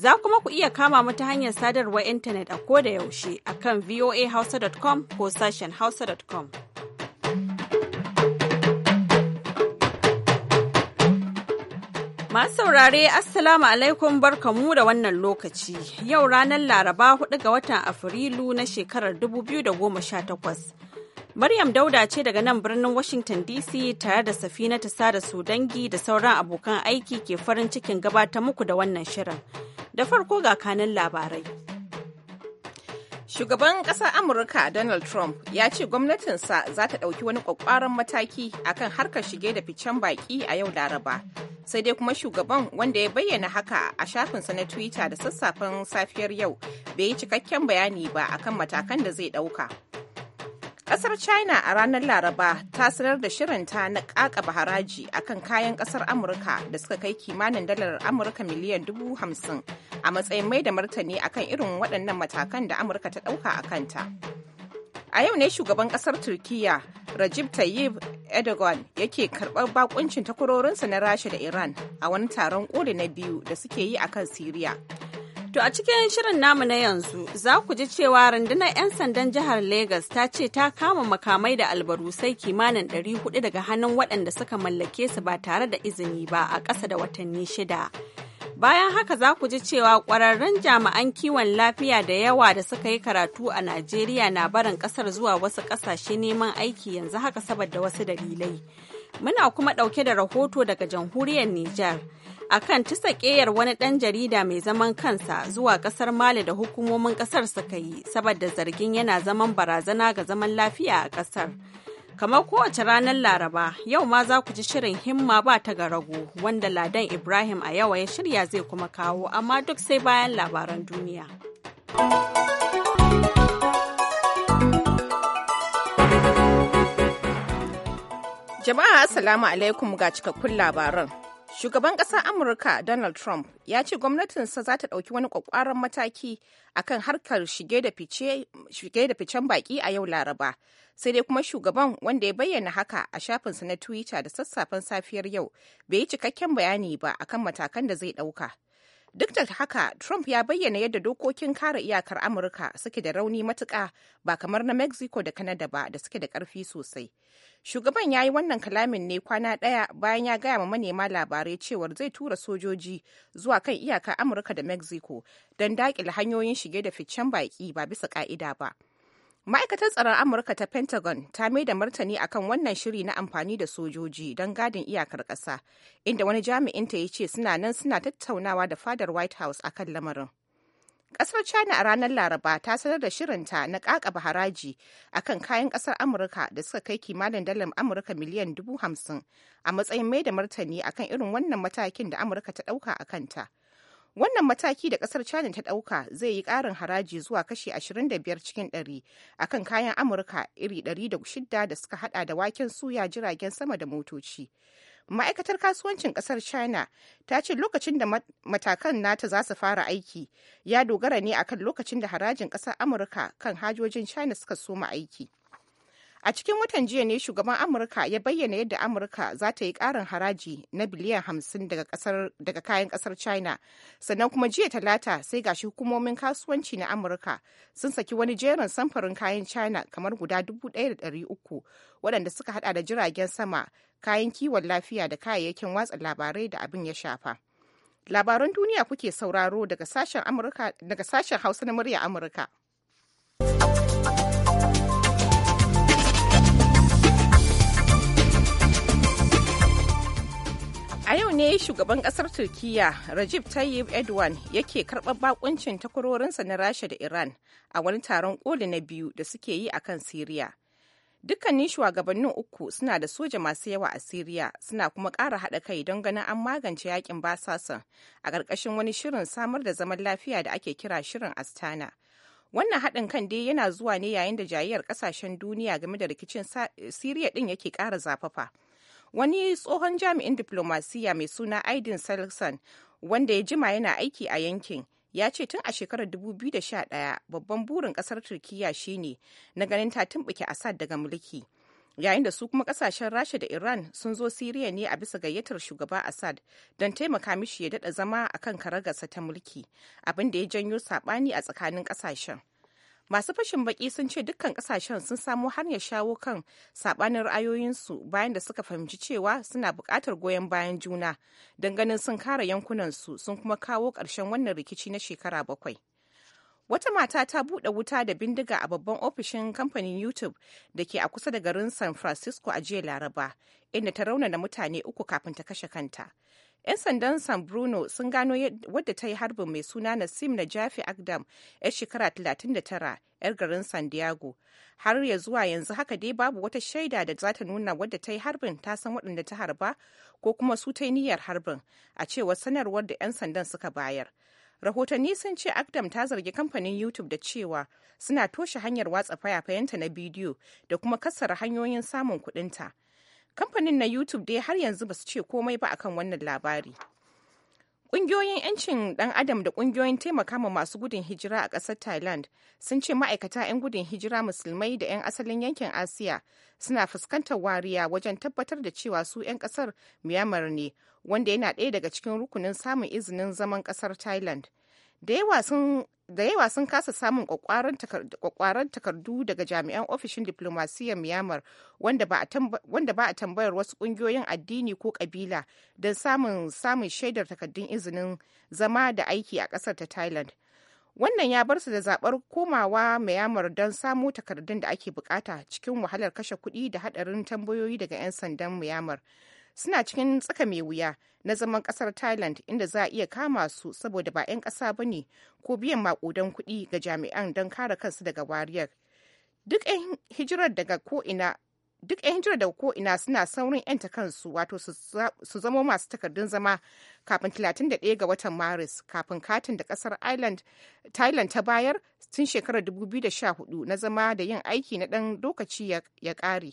Za kuma ku iya kama mu ta hanyar sadarwar intanet a koda yaushe a kan voahausa.com ko sashen hausa.com. Masu saurare Assalamu alaikum barkamu da wannan lokaci. Yau ranar Laraba 4 ga watan Afrilu na shekarar 2018. Maryam Dauda ce daga nan birnin Washington DC tare da Safina ta sada su dangi da sauran abokan aiki ke farin cikin gabatar muku da wannan shirin. Da farko ga kanan labarai. Shugaban ƙasar Amurka Donald Trump ya ce gwamnatinsa za ta ɗauki wani ƙwaƙƙwaran mataki akan harkar shige da ficen baƙi a yau Laraba. Sai dai kuma shugaban wanda ya bayyana haka a shafinsa na Twitter da sassafen safiyar yau bai yi cikakken bayani ba akan matakan da zai ɗauka. Kasar China a ranar Laraba ta sanar da shirinta na kakaba haraji akan kayan kasar Amurka da suka kai kimanin dalar Amurka miliyan dubu hamsin a matsayin mai da martani akan irin waɗannan matakan da Amurka ta ɗauka a kanta. A yau ne shugaban ƙasar Turkiyya Rajib Tayyip Erdogan yake karɓar bakuncin takwarorinsa na Rasha da Iran a wani taron kore na biyu da suke yi akan Siriya. To a cikin shirin namu na yanzu za ku ji cewa rundunar 'yan sandan jihar Legas ta ce ta kama makamai da albarusai kimanin 400 daga hannun waɗanda suka mallake su ba tare da izini ba a ƙasa da watanni shida. Bayan haka za ku ji cewa ƙwararren jami'an kiwon lafiya da yawa da suka yi karatu a Najeriya na barin ƙasar zuwa wasu ƙasashe neman aiki yanzu haka saboda wasu dalilai. Muna kuma ɗauke da rahoto daga jamhuriyar Nijar. Akan kan tisa wani ɗan jarida mai zaman kansa zuwa ƙasar Mali da hukumomin ƙasar suka yi saboda zargin yana zaman barazana ga zaman lafiya a ƙasar. Kamar kowace ranar Laraba, yau ma za ku ji shirin himma ba ta ga rago wanda Ladan Ibrahim a yawa ya shirya zai kuma kawo amma duk sai bayan labaran duniya. Jama'a Assalamu alaikum ga cikakkun labaran. Shugaban ƙasar Amurka Donald Trump ya ce gwamnatinsa za ta ɗauki wani ƙwaƙƙwaran mataki a kan harkar shige da ficen baƙi a yau Laraba. Sai dai kuma shugaban wanda ya bayyana haka a shafinsa na Twitter da sassafen safiyar yau bai yi cikakken bayani ba akan matakan da zai ɗauka. Duk da haka, Trump ya bayyana yadda dokokin kare iyakar Amurka suke da rauni matuƙa ba kamar na Mexico da Canada ba da suke da ƙarfi sosai. Shugaban ya yi wannan kalamin ne kwana ɗaya bayan ya gaya ma manema labarai cewar zai tura sojoji zuwa kan iyakar Amurka da Mexico don daƙile hanyoyin shige da ficen baƙi ba bisa ƙa'ida ba. ma'aikatar tsaron amurka ta pentagon ta mai da martani akan wannan shiri na amfani da sojoji don gadin iyakar ƙasa inda wani jami'inta ya ce suna nan suna tattaunawa da fadar white house akan lamarin Ƙasar China a ranar Laraba ta sanar da shirinta na ƙaƙaba haraji akan kayan ƙasar Amurka da suka kai kimanin dalar Amurka miliyan dubu hamsin a matsayin mai da martani akan irin wannan matakin da Amurka ta ɗauka a kanta. Wannan mataki da kasar China ta ɗauka zai yi ƙarin haraji zuwa kashi 25 cikin 100 akan kayan Amurka iri 106 da suka hada da waken suya jiragen sama da motoci. Ma'aikatar kasuwancin kasar China ta ce lokacin da matakan nata za su fara aiki ya dogara ne akan lokacin da harajin kasar Amurka kan hajojin China suka soma aiki. A cikin watan jiya ne shugaban Amurka ya bayyana yadda Amurka za ta yi ƙarin haraji na biliyan hamsin daga kayan ƙasar China. Sannan kuma jiya talata sai gashi hukumomin kasuwanci na Amurka sun saki wani jerin samfurin kayan China kamar guda dubu da uku waɗanda suka hada da jiragen sama, kayan kiwon lafiya da kayayyakin watsa labarai da abin ya shafa. Labaran duniya kuke sauraro daga sashen Hausa na murya Amurka. ne shugaban kasar turkiya rajib tayyip edwan yake karɓar bakuncin takwarorinsa na rasha da iran a wani taron koli na biyu da suke yi a kan siriya dukkanin shugabannin uku suna da soja masu yawa a siriya suna kuma ƙara haɗa kai don ganin an magance yakin basasan a ƙarƙashin wani shirin samar da zaman lafiya da ake kira shirin astana wannan haɗin kan dai yana zuwa ne yayin da jayayyar ƙasashen duniya game da rikicin siriya ɗin yake ƙara zafafa wani tsohon jami'in diplomasiya mai suna aidin selson wanda ya jima yana aiki a yankin ya ce tun a shekarar 2011 babban burin kasar turkiya shine na ganin ta tumbuke assad daga mulki yayin da su kuma kasashen rasha da iran sun zo siriya ne a bisa gayyatar shugaba assad don taimaka mishi ya dada zama a kan karagarsa ta mulki abin da ya janyo saɓani a tsakanin kasashen masu fashin baki sun ce dukkan kasashen sun samo hanyar shawo kan sabanin ra'ayoyinsu bayan da suka fahimci cewa suna bukatar goyon bayan juna don ganin sun kare yankunansu sun kuma kawo ƙarshen wannan rikici na shekara bakwai wata mata ta buɗe wuta da bindiga a babban ofishin kamfanin youtube da ke a kusa da garin san francisco a jiya laraba inda ta rauna raunana mutane uku kafin ta kashe kanta 'Yan sandan San Bruno sun gano wadda ta yi harbin mai suna Nasim Jafi Agdam, 'yar shekara 39, 'yar garin San Diego. Har ya zuwa yanzu haka dai babu wata shaida da za ta nuna wadda ta yi harbin ta san waɗanda ta harba ko kuma su ta niyyar harbin, a cewar sanarwar da 'yan sandan suka bayar. rahotanni sun ce Agdam ta zargi kamfanin youtube da cewa suna toshe hanyar watsa fayafayanta na bidiyo da kuma kassara hanyoyin samun kudinta kamfanin na youtube dai har yanzu ba su ce komai ba akan wannan labari Ƙungiyoyin 'yancin ɗan adam da ƙungiyoyin taimaka masu gudun hijira a ƙasar Thailand sun ce ma'aikata 'yan gudun hijira musulmai da 'yan asalin yankin Asiya suna fuskantar wariya wajen tabbatar da cewa su 'yan ƙasar Myanmar ne, wanda yana ɗaya daga cikin rukunin samun izinin zaman ƙasar Thailand. Da yawa sun da yawa sun kasa samun kwakwaran takardu daga jami'an ofishin diplomasiyyar myanmar wanda ba a tambayar wasu kungiyoyin addini ko kabila don samun samun shaidar takardun izinin zama da aiki a kasar ta thailand wannan ya bar su da zabar komawa myanmar don samu takardun da ake bukata cikin wahalar kashe kuɗi da hadarin tambayoyi daga 'yan sandan myanmar suna cikin tsaka mai wuya na zaman kasar thailand inda za a iya kama su saboda ba 'yan ƙasa ba ne ko biyan maƙudan kuɗi ga jami'an don kare kansu daga wariyar duk 'yan hijirar daga ko'ina duk hijira daga ko'ina suna saurin 'yanta kansu wato su zama masu takardun zama kafin 31 ga watan maris kafin katin da kasar thailand ta bayar tun shekarar 2014 na zama da yin aiki na ɗan lokaci ya ƙare.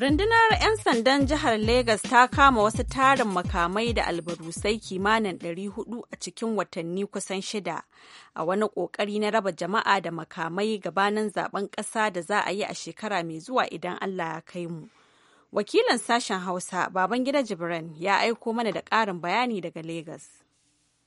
Rundunar 'yan sandan jihar Legas ta kama wasu tarin makamai da albarusai kimanin 400 a cikin watanni kusan shida a wani ƙoƙari na raba jama'a da makamai gabanin zaben ƙasa da za a yi a shekara mai zuwa idan Allah ya kai mu. Wakilin sashen Hausa, Babangida Jibran, ya aiko mana da ƙarin bayani daga Legas.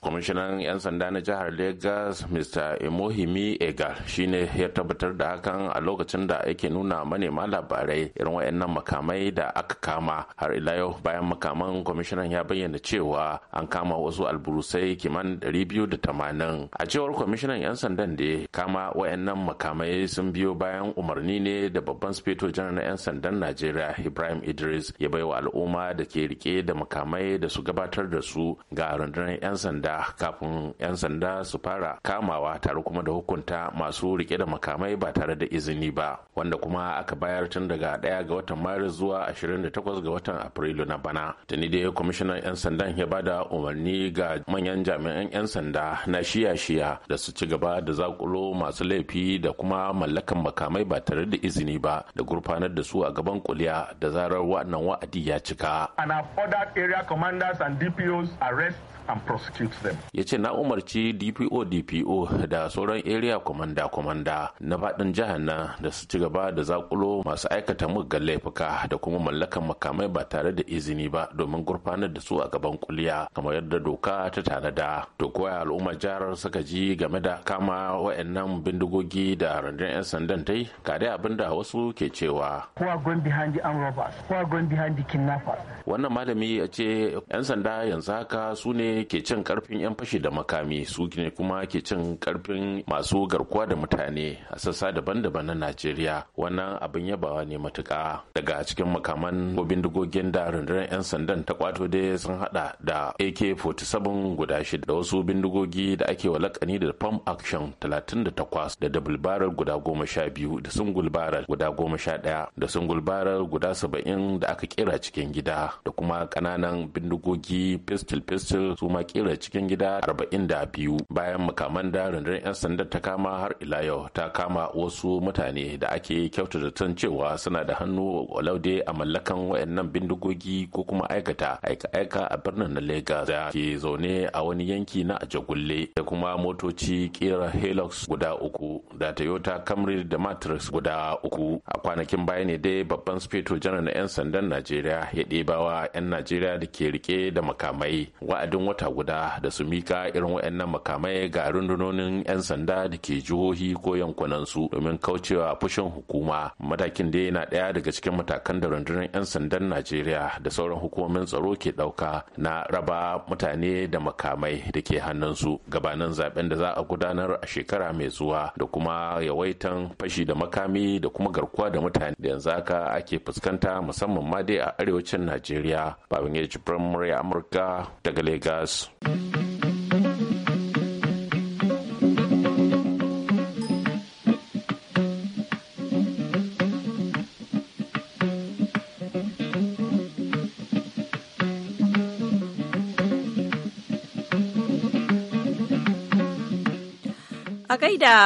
kwamishinan 'yan sanda na jihar Legas, mr emohimi egal shine ya tabbatar da hakan a lokacin da ake nuna manema labarai irin wayannan makamai da aka kama har ila yau bayan makaman kwamishinan ya bayyana cewa an kama wasu alburusai kiman 280 a cewar kwamishinan 'yan sandan da kama wayannan makamai sun biyo bayan umarni ne da babban sufeto janar na 'yan sandan najeriya ibrahim idris ya baiwa al'umma da ke rike da makamai da su gabatar da su ga rundunar 'yan sanda kafin 'yan sanda su fara kamawa tare kuma da hukunta masu rike da makamai ba tare da izini ba wanda kuma aka bayar tun daga 1 ga watan maris zuwa 28 ga watan afrilu na bana tuni dai kwamishinan 'yan sandan ya ba da umarni ga manyan jami'an 'yan sanda na shiya-shiya da su ci gaba da zakulo masu laifi da kuma mallakan makamai ba tare da izini ba da gurfanar da su a gaban kuliya da zarar wa'annan wa'adi ya cika. And I've ordered area commanders and DPOs arrest and prosecute. them. Ya ce na umarci DPO DPO da sauran area commander commander na faɗin jihar nan da su ci gaba da zakulo masu aikata muggan laifuka da kuma mallakan makamai ba tare da izini ba domin gurfanar da su a gaban kuliya kamar yadda doka ta tanada. To koya al'umma jihar suka ji game da kama wa'annan bindigogi da rundunar 'yan sandan ta yi dai abin da wasu ke cewa. Who are going behind the armed robbers? Who are going behind the kidnappers? Wannan malami ya ce 'yan sanda yanzu haka su ne ke cin karfi karfin 'yan fashi da makami su ne kuma ke cin karfin masu garkuwa da mutane a sassa daban-daban na najeriya wannan abin yabawa ne matuka daga cikin makaman ko bindigogin da rundunar 'yan sandan ta kwato dai sun hada da ak-47 guda shida da wasu bindigogi da ake walakani da pump action 38 da double barrel guda goma sha biyu da single barrel guda goma sha daya da single barrel guda saba'in da aka kera cikin gida da kuma kananan bindigogi pistol pistol su ma kera cikin cikin gida 42 bayan makaman da rundunar 'yan sandar ta kama har ila yau ta kama wasu mutane da ake kyautata zaton cewa suna da hannu laude a mallakan wayannan bindigogi ko kuma aikata aika-aika a birnin na Legas da ke zaune a wani yanki na Ajagulle da kuma motoci kera Hilux guda uku da Toyota Camry da Matrix guda uku a kwanakin baya ne dai babban speto janar na 'yan sandan Najeriya ya ɗebawa 'yan Najeriya da ke rike da makamai wa'adin wata guda da su mika irin waɗannan makamai ga rundunonin 'yan sanda da ke jihohi ko yankunansu domin kaucewa fushin hukuma matakin da yana ɗaya daga cikin matakan da rundunar 'yan sandan najeriya da sauran hukumomin tsaro ke ɗauka na raba mutane da makamai da ke hannunsu gabanin zaben da za a gudanar a shekara mai zuwa da kuma yawaitan fashi da makami da kuma garkuwa da mutane da yanzu haka ake fuskanta musamman ma dai a arewacin najeriya babin ya jibrin amurka daga lagos.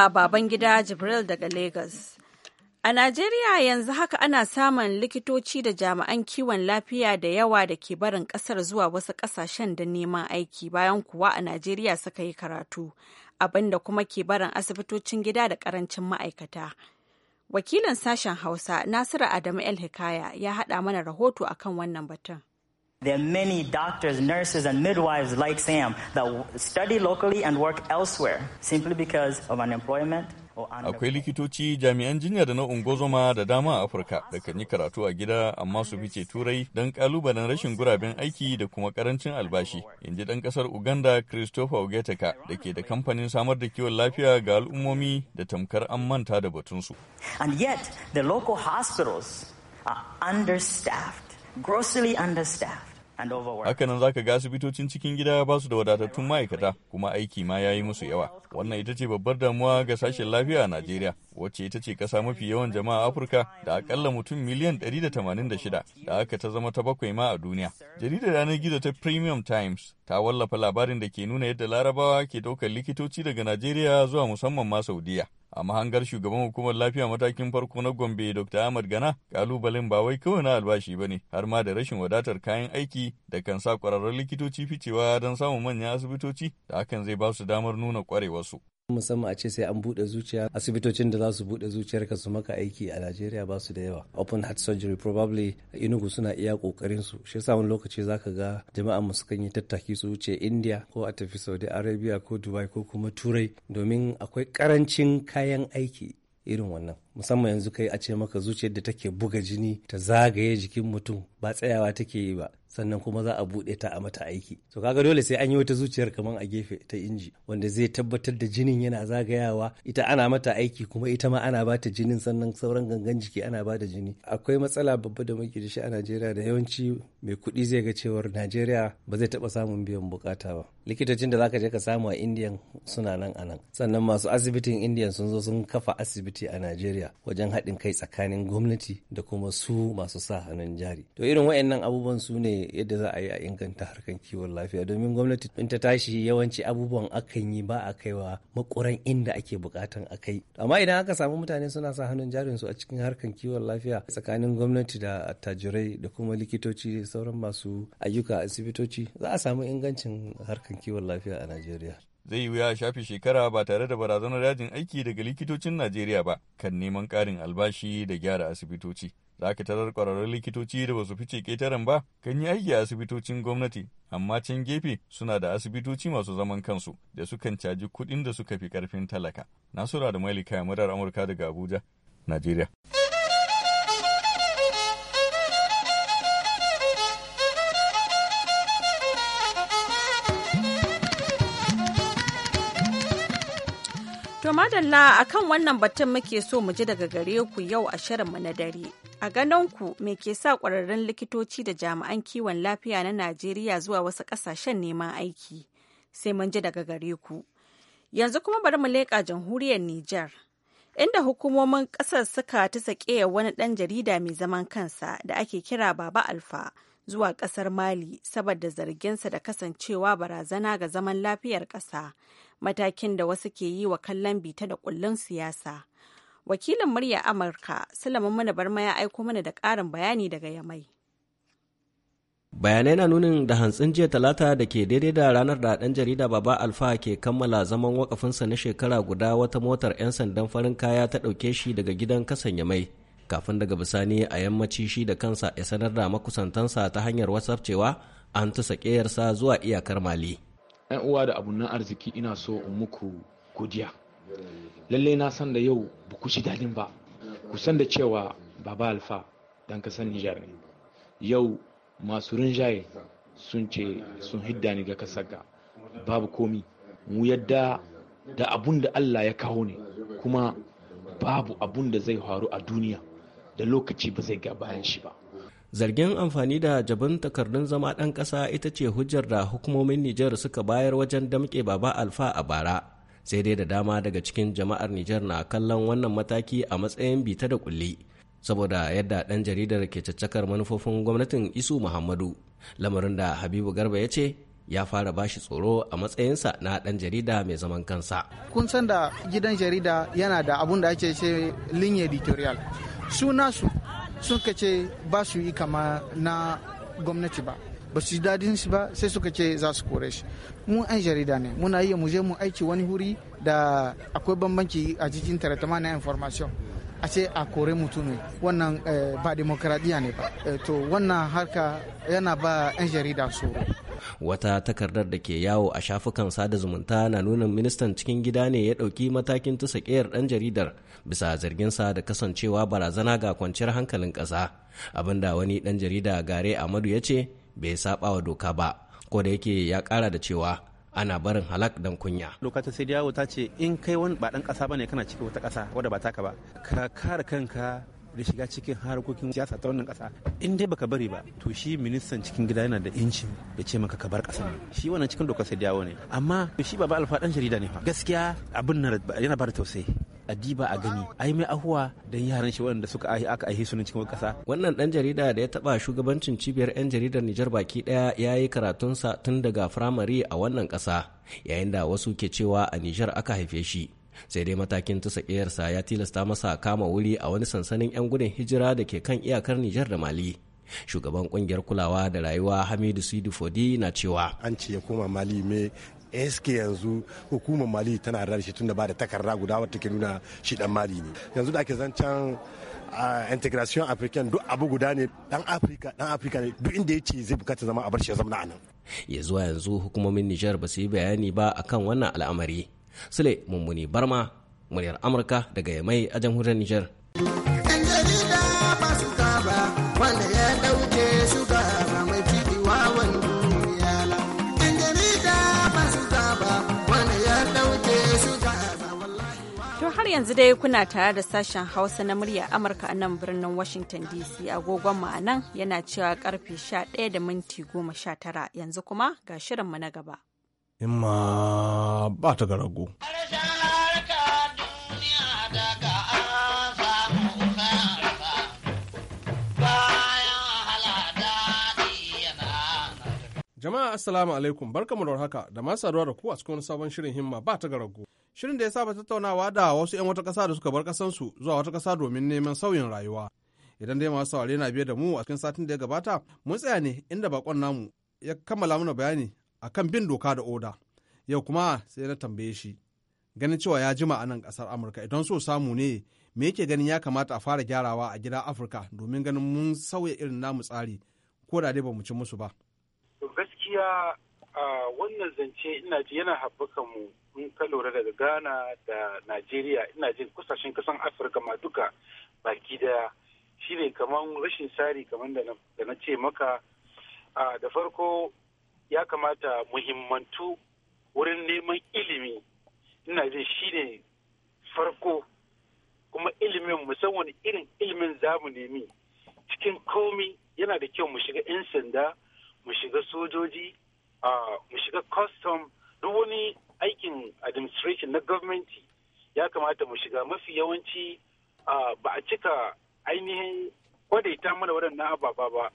baban gida Jibril daga Lagos. A Najeriya yanzu haka ana samun likitoci da jami'an kiwon lafiya da yawa da ke barin kasar zuwa wasu kasashen da neman aiki bayan kuwa a Najeriya suka yi karatu, abinda kuma ke barin asibitocin gida da karancin ma'aikata. Wakilin sashen Hausa Nasiru Adamu El Hikaya ya haɗa mana rahoto akan wannan batun. There are many doctors, nurses, and midwives like Sam that study locally and work elsewhere simply because of unemployment. Akwai likitoci jami'an jinya da na ungozoma da dama a Afirka da kan yi karatu a gida amma su fice turai don kalubalen rashin guraben aiki da kuma karancin albashi, in ji ɗan ƙasar Uganda Christopher Ogeteka da ke da kamfanin samar da kiwon lafiya ga al'ummomi da tamkar an manta da batunsu. And yet, the local hospitals are understaffed, grossly understaffed. Hakanan zaka ga asibitocin cikin gida ba su da wadatattun ma'aikata kuma aiki ma ya yi musu yawa. Wannan ita ce babbar damuwa ga sashen lafiya a Najeriya, wacce ita ce ƙasa mafi yawan jama'a Afirka da akalla mutum miliyan 186 da aka ta zama ta bakwai ma a duniya. Jaridar yanar gizo ta Premium Times ta wallafa labarin da ke nuna yadda Larabawa ke ɗaukar likitoci daga Najeriya zuwa musamman ma Saudiya. a mahangar shugaban hukumar lafiya matakin farko na gombe dr ahmad gana kalubalen ba wai kawai na albashi ba ne har ma da rashin wadatar kayan aiki da kan sa kwararrun likitoci ficewa don samun manyan asibitoci da hakan zai ba su damar nuna kwarewarsu musamman a ce sai an bude zuciya asibitocin da za su bude zuciyar ka su maka aiki a Najeriya ba su da yawa open heart surgery probably inugu suna iya kokarin su shi yasa wani lokaci zaka ga jama'a mu sukan yi tattaki su wuce India ko a tafi Saudi Arabia ko Dubai ko kuma Turai domin akwai karancin kayan aiki irin wannan musamman yanzu kai a ce maka zuciyar da take buga jini ta zagaye jikin mutum ba tsayawa take yi ba sannan kuma za a buɗe ta a mata aiki to kaga dole sai an yi wata zuciyar kaman a gefe ta inji wanda zai tabbatar da jinin yana zagayawa ita ana mata aiki kuma ita ma ana bata jinin sannan sauran gangan jiki ana bada jini akwai matsala babba da muke da shi a Najeriya da yawanci mai kuɗi zai ga cewar Najeriya ba zai taɓa samun biyan bukata ba likitocin da zaka je ka samu a Indiyan suna nan a nan sannan masu asibitin Indiyan sun zo sun kafa asibiti a Najeriya wajen haɗin kai tsakanin gwamnati da kuma su masu sa hannun jari to irin waɗannan abubuwan su ne yadda za a yi a inganta harkar kiwon lafiya domin gwamnati in ta tashi yawanci abubuwan akan yi ba a kaiwa makuran inda ake bukatan a kai amma idan aka samu mutane suna sa hannun jarinsu a cikin harkar kiwon lafiya tsakanin gwamnati da attajirai da kuma likitoci sauran masu ayyuka a asibitoci za a samu ingancin harkar kiwon lafiya a najeriya zai yi wuya shafe shekara ba tare da barazanar yajin aiki daga likitocin Najeriya ba kan neman karin albashi da gyara asibitoci. za ka tarar kwararrun likitoci da basu fice ƙetaren ba kan yi aiki a asibitocin gwamnati amma can gefe suna da asibitoci masu zaman kansu da sukan caji kuɗin da suka fi ƙarfin talaka nasura da malika murar amurka daga abuja najeriya madalla kan wannan batun muke so mu ji daga gare ku yau a shirinmu na dare. A ganin ku me ke sa ƙwararrun likitoci da jami'an kiwon lafiya na Najeriya zuwa wasu ƙasashen neman aiki? Sai mun ji daga gare ku. Yanzu kuma bari mu leƙa jamhuriyar Nijar. Inda hukumomin ƙasar suka ta sake wani ɗan jarida mai zaman kansa da ake kira Baba Alfa zuwa ƙasar Mali saboda zarginsa da kasancewa barazana ga zaman lafiyar ƙasa. matakin da wasu ke yi wa kallon bita da kullun siyasa. Wakilin murya Amurka, Sulaiman Mana Barma ya aiko mana da ƙarin bayani daga Yamai. bayanai na nunin da hantsin jiya talata da ke daidai da ranar da ɗan jarida baba alfa ke kammala zaman wakafinsa na shekara guda wata motar 'yan sandan farin kaya ta ɗauke shi daga gidan kasan yamai kafin daga bisani a yammaci shi da kansa ya sanar da makusantansa ta hanyar whatsapp cewa an tusa ƙeyarsa zuwa iyakar mali 'yan uwa da nan arziki ina so in muku godiya lallai na san da yau ba ku ji daɗin ba ku san da cewa baba alfa dan san nijar ne yau masu rinjaye sun ce sun hidda ni ga kasaga babu komi mu yadda da abun da allah ya kawo ne kuma babu abun da zai faru a duniya da lokaci ba zai ga bayan shi ba zargin amfani da jabin takardun zama ɗan ƙasa ita ce hujjar da hukumomin nijar suka bayar wajen damƙe baba alfa a bara sai dai da dama daga cikin jama'ar nijar na kallon wannan mataki a matsayin bita da kulli saboda yadda ɗan jaridar ke caccakar manufofin gwamnatin isu muhammadu lamarin da habibu garba ya ce ya fara bashi tsoro a matsayinsa na dan jarida mai zaman kansa kun san da gidan jarida yana da abun da ake ce linye editorial su sun ka ce ba su yi kama na gwamnati ba ba su dadin shi ba sai suka ce za su kore shi mu an jarida ne muna iya muje mu aiki wani huri da akwai bambanci a cikin taratama na information a ce a kore mutum wannan eh, ba demokradiya ne ba eh, to wannan harka yana ba 'yan jarida tsoro wata takardar da ke yawo a shafukan sada zumunta na nuna ministan cikin gida ne ya ɗauki matakin tusa ƙeyar ɗan jaridar bisa zarginsa da kasancewa barazana ga kwanciyar hankalin ƙasa abinda wani ɗan jarida gare amadu ya ce bai saba wa doka ba ko da yake ya ƙara da cewa ana barin halak dan kunya. Lokacin sai ta ce in kai wani ba dan kasa bane kana ciki wata kasa wadda ba taka ba. Ka kare kanka da shiga cikin harkokin siyasa ta wannan kasa in dai baka bari ba to shi ministan cikin gida yana da inci ya ce maka ka bar kasan shi wannan cikin dokar sai dawo ne amma shi baba alfa dan jarida ne fa gaskiya abin yana ba da tausayi a gani a gani ai mai ahuwa don yaran shi waɗanda suka ahi aka ahi sunan cikin ƙasa. wannan dan jarida da ya taba shugabancin cibiyar 'yan jaridar nijar baki daya ya yi karatunsa tun daga firamare a wannan kasa yayin da wasu ke cewa a nijar aka haife shi sai dai matakin tusa ƙiyarsa ya tilasta masa kama wuri a wani sansanin 'yan gudun hijira da ke kan iyakar nijar da mali shugaban kungiyar kulawa da rayuwa hamidu sidi fodi na cewa an ce ya koma mali me SK yanzu hukumar mali tana da shi tunda ba da takarda guda wata ke nuna shi dan mali ne yanzu da ake zancen integration african duk abu guda ne dan afirka dan afirka ne duk inda ya ce zai bukata zama a bar shi ya zama a nan ya zuwa yanzu hukumomin nijar ba su yi bayani ba akan wannan al'amari Sule Mummuni Barma, muryar Amurka daga Yamai a jamhuriyar Nijar. ya ɗauke mai wawan har yanzu dai kuna tare da sashen Hausa na murya Amurka a nan birnin Washington DC agogon ma'anan yana cewa karfe 11 da minti 19 yanzu kuma ga shirinmu na gaba. in ma ba ta garago. Jama'a Assalamu alaikum barkamu da haka da masu saduwa da ku a cikin sabon shirin himma ba ta garago. Shirin da ya saba tattaunawa da wasu 'yan wata ƙasa da suka bar ƙasansu zuwa wata ƙasa domin neman sauyin rayuwa. Idan dai masu saurare na biye da mu a cikin satin da ya gabata, mun tsaya ne inda bakon namu ya kammala mana bayani akan bin doka da oda yau kuma sai na tambaye shi ganin cewa ya jima a nan kasar amurka idan so samu ne me yake ganin ya kamata a fara gyarawa a gida afirka domin ganin mun sauya irin namu tsari ko da dai ba mu ci musu ba gaskiya a wannan zance ina ji yana haɓaka mu in ka lura daga ghana da nigeria ina jin kusashen kasan afirka ma duka baki daya shine kamar rashin tsari kamar da na ce maka da farko ya kamata muhimmantu wurin neman ilimi ina jin shine farko kuma ilimin musamman irin ilimin za mu nemi cikin komi yana da kyau mu shiga 'yan sanda mu shiga sojoji mu shiga custom duk wani aikin administration na gwamnati ya kamata mu shiga mafi yawanci ba a cika ainihin kwadaita mana waɗannan ababa ba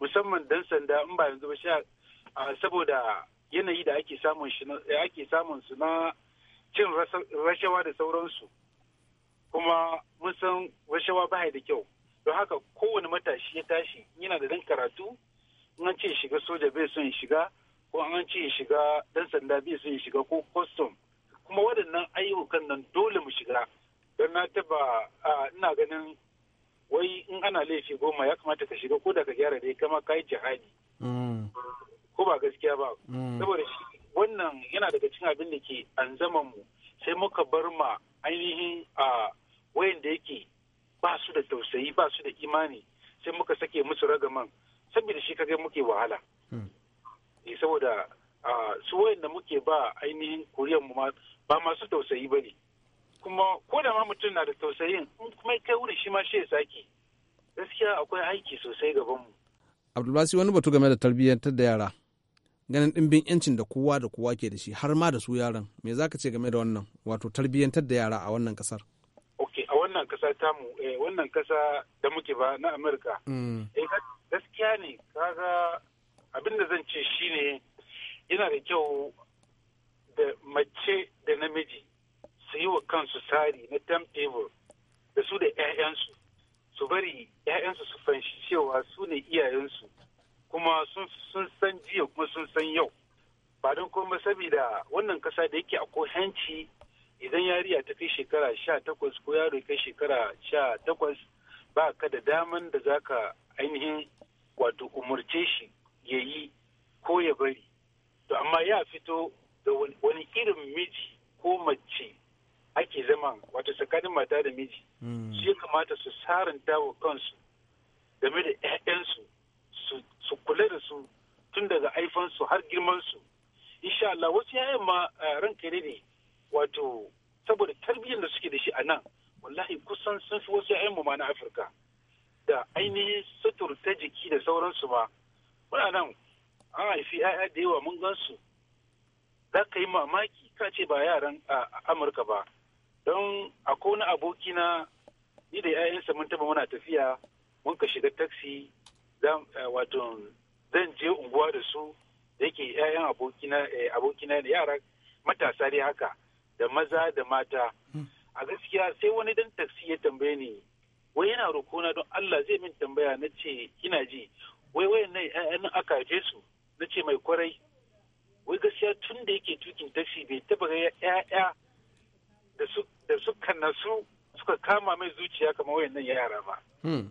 musamman dan sanda in ba yanzu ba saboda yanayi da ake samun su na cin rashawa da sauransu kuma mun san rashawa ba da kyau don haka kowane matashi ya tashi yana da dan karatu an ce shiga soja bai son shiga ko an ce shiga dan sanda bai son shiga ko custom kuma waɗannan ayyukan nan dole mu shiga don na taba ina ganin wai in ana laifi goma ya kamata ka shiga ko da ka gyara dai kama kai jihadi mm. ko ba gaskiya ba mm. saboda shi wannan yana daga cikin abin da ke an mu sai muka bar ma ainihin a wayan da yake ba su da tausayi ba su da imani sai muka sake musu ragaman saboda shi kage muke wahala hmm. eh, saboda su wayan da muke ba ainihin koriyan mu ba masu tausayi ba ne kuma ko da ma mutum na da tausayin kuma kai wuri shi ma shi ya sake gaskiya akwai aiki sosai gaban mu abdulbasi wani batu game da tarbiyyantar da yara ganin ɗimbin yancin da kowa da kowa ke da shi har ma da su yaran me za ka ce game da wannan wato tarbiyyantar da yara a wannan kasar ok a wannan kasa mu eh, wannan kasa da muke ba na amurka mm. eh, gaskiya ne kaga abin da zan ce shine yana da kyau da mace da namiji su yi wa kansu tsari na timetable da su da 'ya'yansu su bari 'ya'yansu su fanshi cewa su ne iyayensu kuma sun san jiya kuma sun san yau ba don kuma saboda wannan kasa da yake akwai hanci idan yariya ta kai shekara sha takwas ko yaro kai shekara sha takwas ba ka da daman da za ka ainihin wato umarce shi ya yi ko ya bari to amma ya fito da wani irin miji ko mace ake zama wato tsakanin mata da miji hmm. su kamata su saranta wa kansu game da 'ya'yansu su kula da su tun daga aifansu har girmansu insha Allah wasu yayan ma eh, ranka ne wato saboda tarbiyyar da suke da shi a nan wallahi kusan sun fi wasu yayan mu ma na Afirka da ainihin sutur ta jiki da sauransu ma muna nan an haifi yaya da yawa mun gansu za ka yi mamaki ka ce ba yaran a Amurka ba don akwai wani aboki na ni da 'ya'yansa mun taba muna tafiya mun ka shiga taksi Eh, wato zan je unguwa da su da yake 'ya'yan eh, abokina da yara matasa dai haka da maza da mata a gaskiya sai wani dan taksi ya tambaye ni wai yana rokona don Allah zai min tambaya na ce ina ji wai wai nan ƴaƴan aka je su na ce mai kwarai wai gaskiya tun da yake tukin taksi bai taba ga ƴaƴa da su su nasu suka kama mai zuciya kamar wayannan yara ba hmm.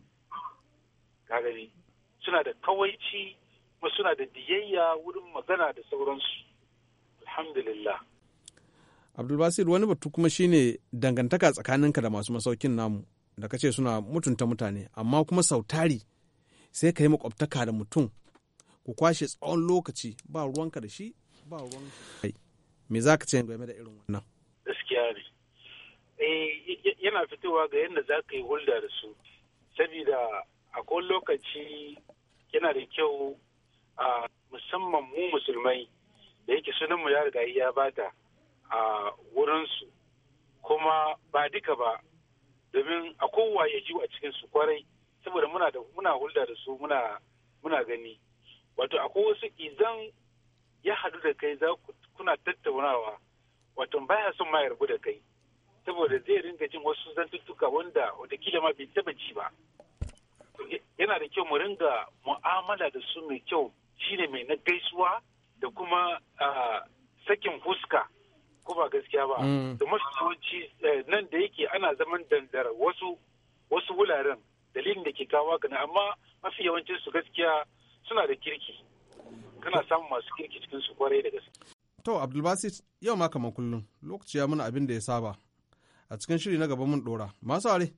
ka gani suna da kawaici kuma suna da biyayya wurin magana da sauransu alhamdulillah abdulbasir wani batu kuma shine dangantaka tsakaninka da masu masaukin namu da kace suna mutunta mutane amma kuma sautari sai ka yi makwabtaka da mutum ku kwashe tsawon lokaci ba ruwanka da shi ba ruwanka me za ka ce game da irin wannan gaskiya ne eh, yana fitowa ga yadda za ka yi hulda da su saboda akwai lokaci yana da kyau a musamman mu musulmai da yake sunanmu ya riga ya bata a wurinsu kuma ba duka ba domin a kowa ya ji a cikinsu kwarai saboda muna da muna hulɗa da su muna muna gani wato akwai wasu idan ya haɗu da kai za ku kuna tattaunawa wato baya son ma yarbu da kai saboda zai ringa jin wasu zantuttuka wanda kila ma bai taba ji ba yana da kyau mu ringa mu'amala da su mai kyau shine mai na gaisuwa da kuma sakin fuska ko ba gaskiya ba mm. da mafi eh, nan da yake ana zaman dandara wasu wasu wuraren dalilin da ke kawo gani amma mafi yawancin su gaskiya suna da kirki kana samun masu kirki cikin su kwarai da gaske to abdulbasit yau ma kamar kullum lokaci ya muna abin da ya saba a cikin shiri na gaba mun dora masu are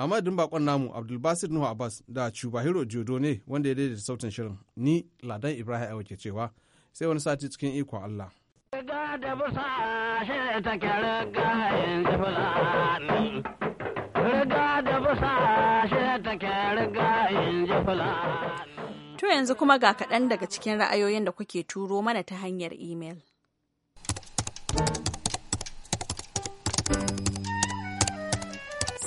a madadin bakon namu abdulbasir nuhu abbas da cubahiro jodo ne wanda ya daidaita sautin shirin ni ladan ibrahim aiwa ke cewa sai wani sati cikin ikon allah To yanzu kuma ga kaɗan daga cikin ra'ayoyin da kuke turo mana ta hanyar imel.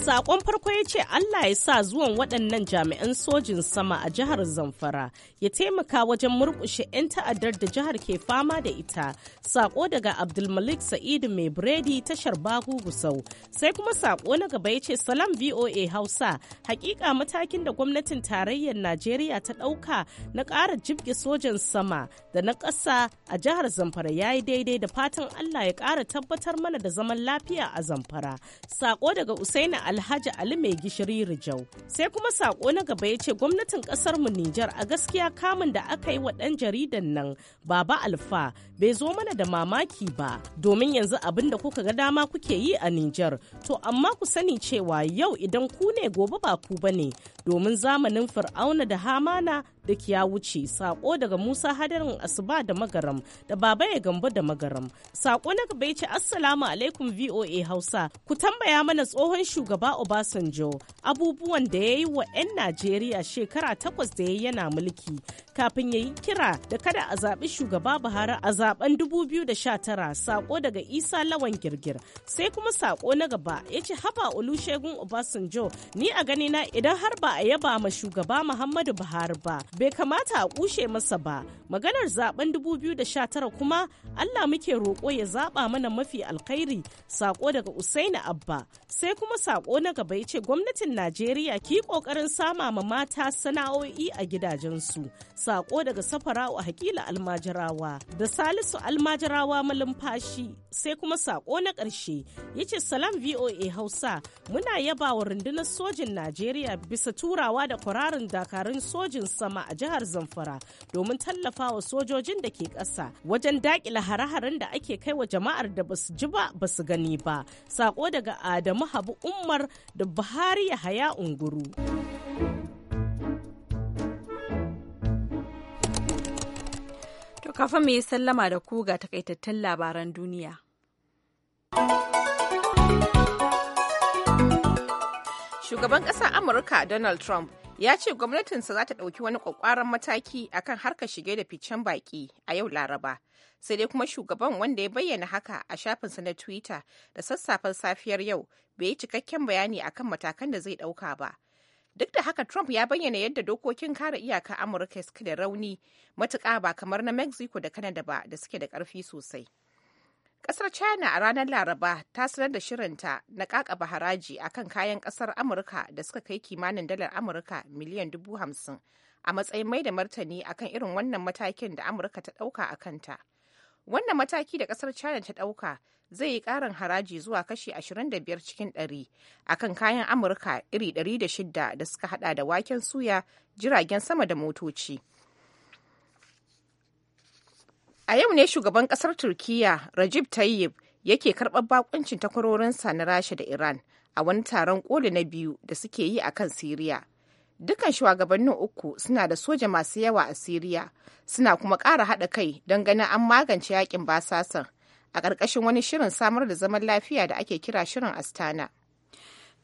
Sakon farko ya ce Allah ya sa zuwan waɗannan jami'an sojin sama a jihar Zamfara ya taimaka wajen murƙushe 'yan ta'addar da jihar ke fama da ita. Sako daga Abdulmalik Sa'idu mai Bredi tashar Bahu Gusau. Sai kuma sako na gaba ya ce Salam VOA Hausa. Hakika matakin da gwamnatin tarayyar Najeriya ta ɗauka na ƙara jibge sojan sama da na ƙasa a jihar Zamfara ya yi daidai da fatan Allah ya ƙara tabbatar mana da zaman lafiya a Zamfara. Sako daga Usaini Alhaji Ali Mai Gishiri Rijau. Sai kuma saƙo na gaba ya ce gwamnatin ƙasar mu Nijar a gaskiya kamun da aka yi wa ɗan jaridan nan Baba Alfa bai zo mana da mamaki ba domin yanzu abin da kuka ga dama kuke yi a Nijar. To amma ku sani cewa yau idan ku ne gobe ba ku bane domin zamanin Fir'auna da Hamana duk ya wuce sako daga musa hadarin asuba da magaram da baba ya gambo da magaram sako na gaba ya assalamu alaikum voa hausa ku tambaya mana tsohon shugaba obasanjo abubuwan da ya yi wa 'yan najeriya shekara takwas da ya yana mulki kafin ya yi kira da kada a zaɓi shugaba Buhari a zaben 2019 sako daga Isa Lawan Girgir. Sai kuma sako na gaba ya ce haba Olusegun Obasanjo ni a ganina idan har ba a yaba ma shugaba Muhammadu Buhari ba bai kamata a kushe masa ba. Maganar zaben 2019 kuma Allah muke roƙo ya zaɓa mana mafi alkhairi sako daga Usaini Abba. Sai kuma sako na gaba ya ce gwamnatin Najeriya ki ƙoƙarin sama ma mata sana'o'i a gidajensu. Sako daga Safara'u a Hakila Almajirawa da Salisu Almajirawa malumfashi sai kuma sako na ƙarshe ya ce salam VOA Hausa muna yaba wa rundunar sojin Najeriya bisa turawa da kwararin dakarun sojin sama a jihar Zamfara domin tallafa wa sojojin da ke ƙasa wajen daƙila hare-haren da ake kai wa jama'ar da basu ji ba basu gani ba. Sako daga Adamu Habu Umar da Buhari Yahaya Unguru. kafin mai sallama da ku ga takaitattun labaran duniya. Shugaban ƙasar Amurka Donald Trump ya ce gwamnatinsa za ta ɗauki wani ƙwaƙwaran mataki akan harkar shige da ficen baƙi a yau Laraba. Sai dai kuma shugaban wanda ya bayyana haka a shafinsa na Twitter da sassafen safiyar yau bai yi cikakken bayani akan matakan da zai ɗauka ba. duk da haka trump ya bayyana yadda dokokin kare iyaka amurka suke da rauni matuƙa ba kamar na mexico da canada ba da suke da ƙarfi sosai ƙasar china a ranar laraba ta sanar da shirinta na ƙaƙaba haraji a kan kayan ƙasar amurka da suka kai kimanin dalar amurka miliyan dubu hamsin a matsayin mai da martani akan irin wannan matakin da amurka ta ɗauka a kanta Wannan mataki da kasar China ta ɗauka zai yi ƙarin haraji zuwa kashi 25 cikin 100 akan kayan Amurka iri 106 da suka hada da waken suya, jiragen sama da motoci. A yau ne shugaban kasar turkiya Rajib tayyib yake karbar bakuncin takwarorinsa na Rasha da Iran a wani taron koli na biyu da suke yi akan Siriya. Dukan shugabannin uku suna da soja masu yawa a Siriya, suna kuma ƙara haɗa kai don ganin an magance yakin basasan a ƙarƙashin wani shirin samar da zaman lafiya da ake kira shirin Astana.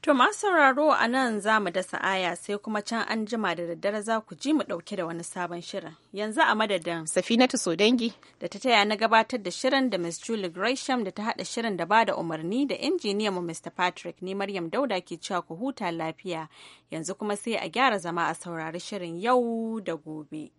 To masu sauraro a nan za mu dasa aya sai kuma can an jima da daddare za ku ji mu ɗauke da wani sabon shirin. Yanzu a madadin Safinatu sodengi da ta taya na gabatar da shirin da Miss Julie Gresham da ta haɗa shirin da ba da umarni da injiniyan mu Mr. Patrick ne Maryam Dauda ke cewa ku huta lafiya. Yanzu kuma sai a gyara zama a saurari shirin yau da gobe.